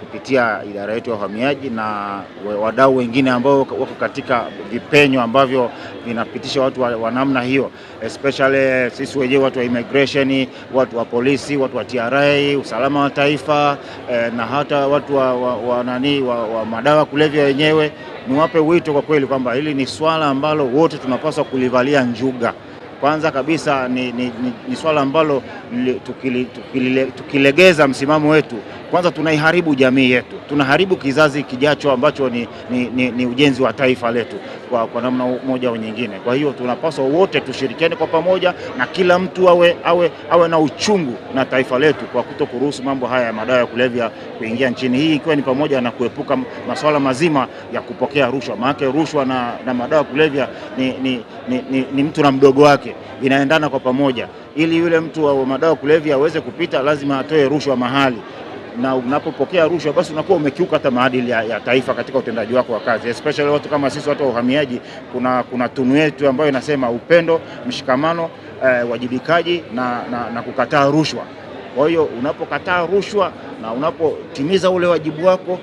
kupitia idara yetu ya uhamiaji na wadau wengine ambao wako katika vipenyo ambavyo vinapitisha watu wa namna hiyo, especially sisi wenyewe watu wa immigration, watu wa polisi, watu wa TRA, usalama wa taifa eh, na hata watu wa, wa, wa, nani, wa, wa madawa kulevya wenyewe. Niwape wito kwa kweli kwamba hili ni swala ambalo wote tunapaswa kulivalia njuga. Kwanza kabisa ni, ni, ni, ni swala ambalo tukilegeza msimamo wetu kwanza tunaiharibu jamii yetu, tunaharibu kizazi kijacho ambacho ni, ni, ni, ni ujenzi wa taifa letu kwa, kwa namna moja au nyingine. Kwa hiyo tunapaswa wote tushirikiane kwa pamoja na kila mtu awe, awe, awe na uchungu na taifa letu kwa kuto kuruhusu mambo haya ya madawa ya kulevya kuingia nchini hii, ikiwa ni pamoja na kuepuka masuala mazima ya kupokea rushwa. Maanake rushwa na, na madawa ya kulevya ni, ni, ni, ni, ni mtu na mdogo wake, inaendana kwa pamoja. Ili yule mtu wa madawa ya kulevya aweze kupita, lazima atoe rushwa mahali na unapopokea rushwa basi unakuwa umekiuka hata maadili ya, ya taifa katika utendaji wako wa kazi, especially watu kama sisi watu wa uhamiaji. Kuna, kuna tunu yetu ambayo inasema upendo, mshikamano, eh, wajibikaji na, na, na kukataa rushwa. Kwa hiyo unapokataa rushwa na unapotimiza ule wajibu wako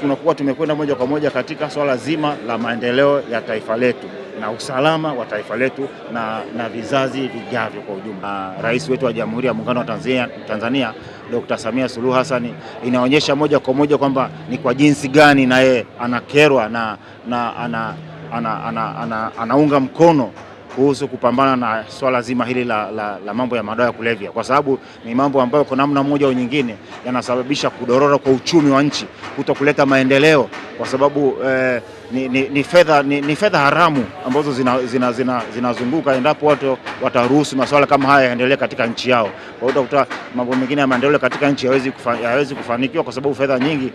tunakuwa tumekwenda moja kwa moja katika swala zima la maendeleo ya taifa letu na usalama wa taifa letu na, na vizazi vijavyo kwa ujumla. Rais wetu wa Jamhuri ya Muungano wa Tanzania, Tanzania Dr. Samia Suluhu Hassan inaonyesha moja kwa moja kwamba ni kwa jinsi gani na yeye anakerwa na, na ana, ana, ana, ana, ana, anaunga mkono kuhusu kupambana na swala zima hili la, la, la mambo ya madawa ya kulevya, kwa sababu ni mambo ambayo kwa namna moja au nyingine yanasababisha kudorora kwa uchumi wa nchi, kuto kuleta maendeleo, kwa sababu eh, ni, ni, ni fedha ni, ni fedha haramu ambazo zinazunguka zina, zina, zina endapo watu wataruhusu masuala kama haya yaendelee katika nchi yao. Kwa hiyo utakuta mambo mengine ya maendeleo katika nchi hayawezi kufa, kufanikiwa kwa sababu fedha nyingi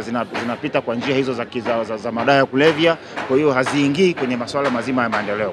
zinapita zina, zina kwa njia hizo za, za, za, za madawa ya kulevya, kwa hiyo haziingii kwenye masuala mazima ya maendeleo.